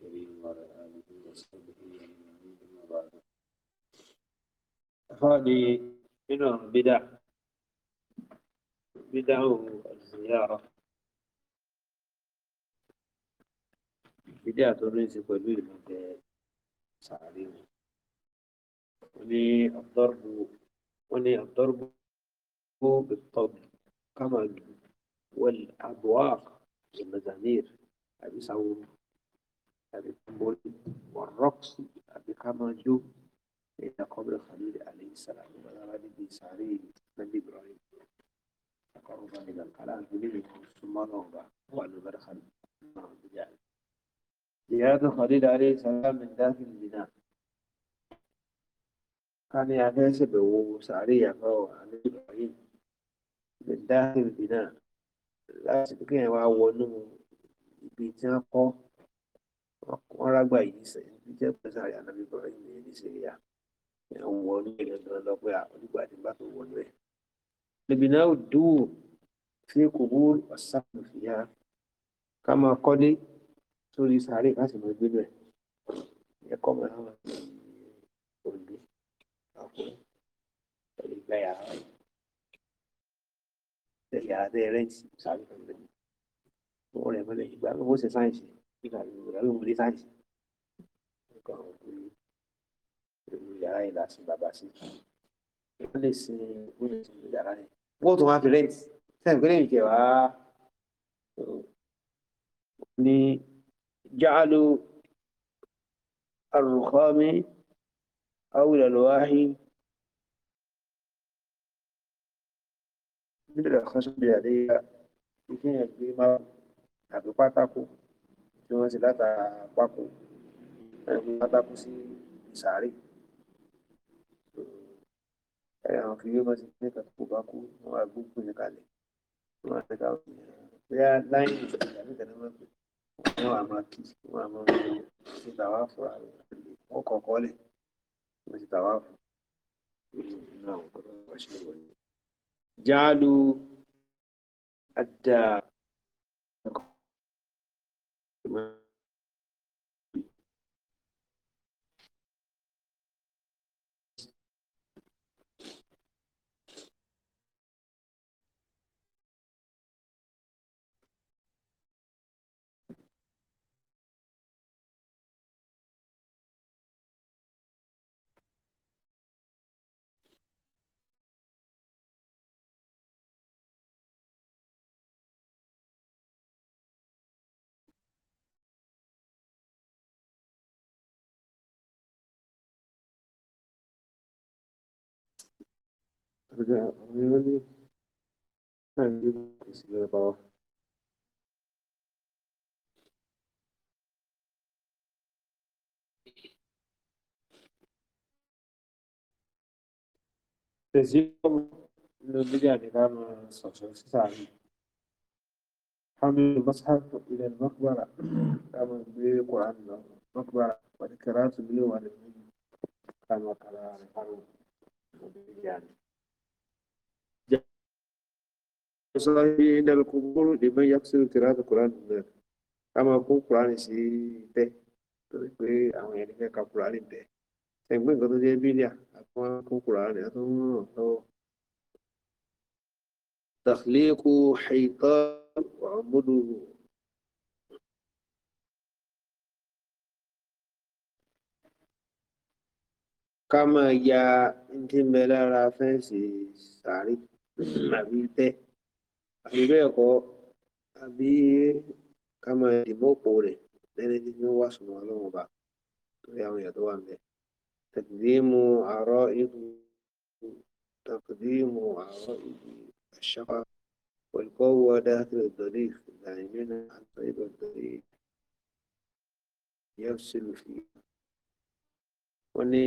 الكريم وعلى آله وصحبه أجمعين أما بعد هذه منهم بدع بدع الزيارة بدعة الرزق والبيع سعرين وللضرب الضرب بالطب كما والأبواق المزامير هذه صعوبة والرقص بخمجه إلى قبر خليل عليه السلام وبلغني بسعري نبي إبراهيم تقربا إلى القلال بليهم ثم نهضا وعن برخا جهاد خليل عليه السلام من داخل البناء كان يعتزب وسعري فهو نبي إبراهيم من داخل البناء لا تبقى وعونه بيتناقه wọn rágbà yìí nísìnyí tó jẹ́ pé sáré anábì bọ̀rọ̀ yìí ní síríà ẹ̀hún wọ ní ẹ̀rọ gan lọ pé onígbà tí bá tó wọlé ẹ̀. lèbìnà ò dúró sí kòkó ọ̀sán fìyà ká máa kọ́lé sórí sáré láti máa gbé bẹ̀ ẹ̀kọ́ máa hàn òní ọkùnrin pẹ̀lú ìgbà yàrá yàrá tẹ rẹ́ǹtì sáré kan lẹ́yìn wọ́n rẹ̀ mọ́lẹ̀ ìgbà wọ́n ṣe sáyẹ̀nsì. Mira, ìrọ̀lẹ́ òun ní sáyẹ̀nsì. Nǹkan àwọn pé èrò yàrá yìí láti bàbá sí. Wọ́n lè sin oúnjẹ tó ń yàrá yẹn. Wọ́n tún máa fi rẹ́ǹtì. Sẹ́yìn pé lẹ́yìn ìjẹ̀wá ní jáàlú àrùkọ́mí àwùlọ̀lọ́wáhí. Nílẹ̀ kan sóbi àdéhà, ìfihàn gbé máa àbí pátákó ni wọ́n ti látara pákó ẹ̀rọ pátákó sí sàárè ẹ̀rọ àwọn kiri wọ́n ti ní ẹ̀ka tó kó bá kú wọ́n wá gbogbo ní kalẹ̀ wọ́n wá níka bóyá láyìn ìṣẹ̀lẹ̀ àbí ìtẹ̀lẹ́ máa pè wọ́n wá máa kí wọ́n wá máa ṣe tàwa fún àwọn wọ́n kọ̀ọ̀kọ́ lẹ̀ wọ́n ti tàwa fún náà wọ́n kọ́ jáàlú àdá. Amen. بدأ عيوني أعجب بسيطة تزيين البداية عام 19 حمل المصحف إلى المقبرة أمر بالقرآن المقبرة والقراءة منه عن النبي كما قال عن البداية sọ́yìn ilẹ̀ kúkúrú ìmọ̀ yaxilu kìláàtù kúránì náà ká máa kó kúránì sí tẹ́ torí pé àwọn ẹni fẹ́ ka kúránì tẹ́ ẹgbẹ́ nǹkan tó jẹ́ bílíà àtúwọ́n kó kúránì àtúwọ́n ràn lọ́wọ́. تخليق حيطان وعمده ká máa ya ní tí ń bẹ lára fẹ́ǹsì sàárì àbí tẹ́ àbí bẹ́ẹ̀ kọ́ àbí ká máa dìbò òpó rẹ̀ lẹ́ni tí wọ́n wá sùnmọ́ ọlọ́run ọba torí àwọn èèyàn tó wà níbẹ̀ tẹ̀kídìmù àárọ̀ ìlú تقديم عرائض الشفع والقوة داخل الضريف دائما عن طيب الضريف يفصل فيه وني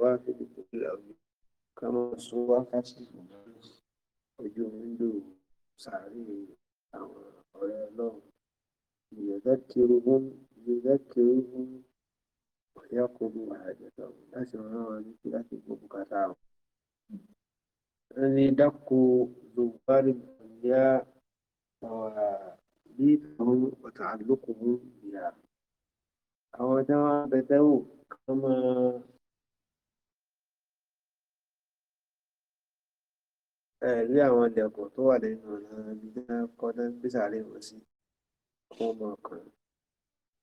واحد كل أوجه كما سوى كسر ojú wíńdò sàárè àwọn ọ̀rẹ́ ọlọ́run ìyẹ̀dákẹ́rùhún ìyẹ̀dákẹ́rùhún ọ̀yá kò mú àjẹsà láti ràn wọn létí láti gbọ́ bùkátà wọn. ẹni dákò zòwárì bìyà bí àwọn ọ̀tà àlòkùnrin bìyà. هو ده بدأوا كما الأعمال انا عليهم الهامدة قد أنبس عليهم أسير وما كان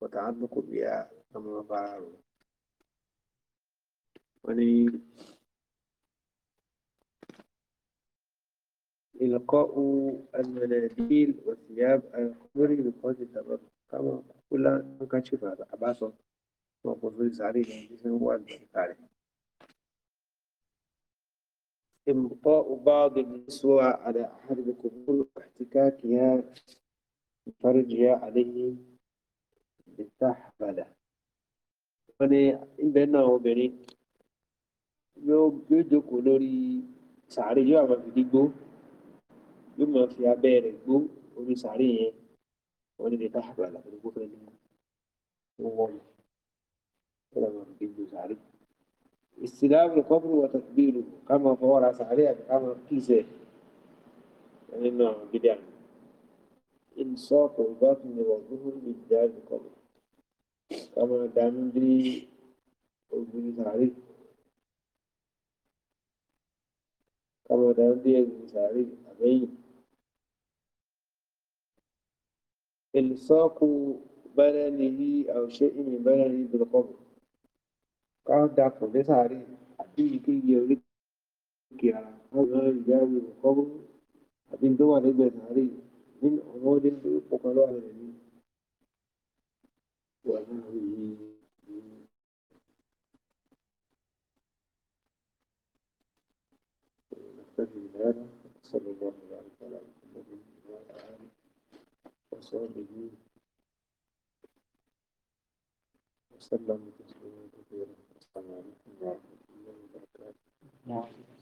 وتعلق بها كما قرروا يعني إلقاء المناديل وثياب الخضر بقدر التبرك كما pula no cativando. Abaixo, vão pulverizar e desenvolver. إبقاء بعض النسوة على أحد القبور واحتكاكها فرجها عليه بالتحفلة wọ́n ní ibẹ̀ náà obìnrin yóò jókòó lórí sàárè yóò àwọn fi gbó yóò máa fi ولم يتحب على الوقوف لأنه هو لما بيدوس عليه استلام القبر وتقبيله كما فورس عليها كما كيسه يعني إنه بدعم إنصاف الباطن والظهر بالدار القبر كما دام بري وبيدوس عليه كما دام بري وبيدوس عليه أمين إلصاق بدنه أو شيء من بدنه بالقبر قال دعكم ليس عليه أبي كي يولد كي على يجاوي القبر أبي دوا لبس عليه من أمور يقال على النبي ونحوه وصحبه وسلم تسليما كثيرا السلام عليكم ورحمه الله وبركاته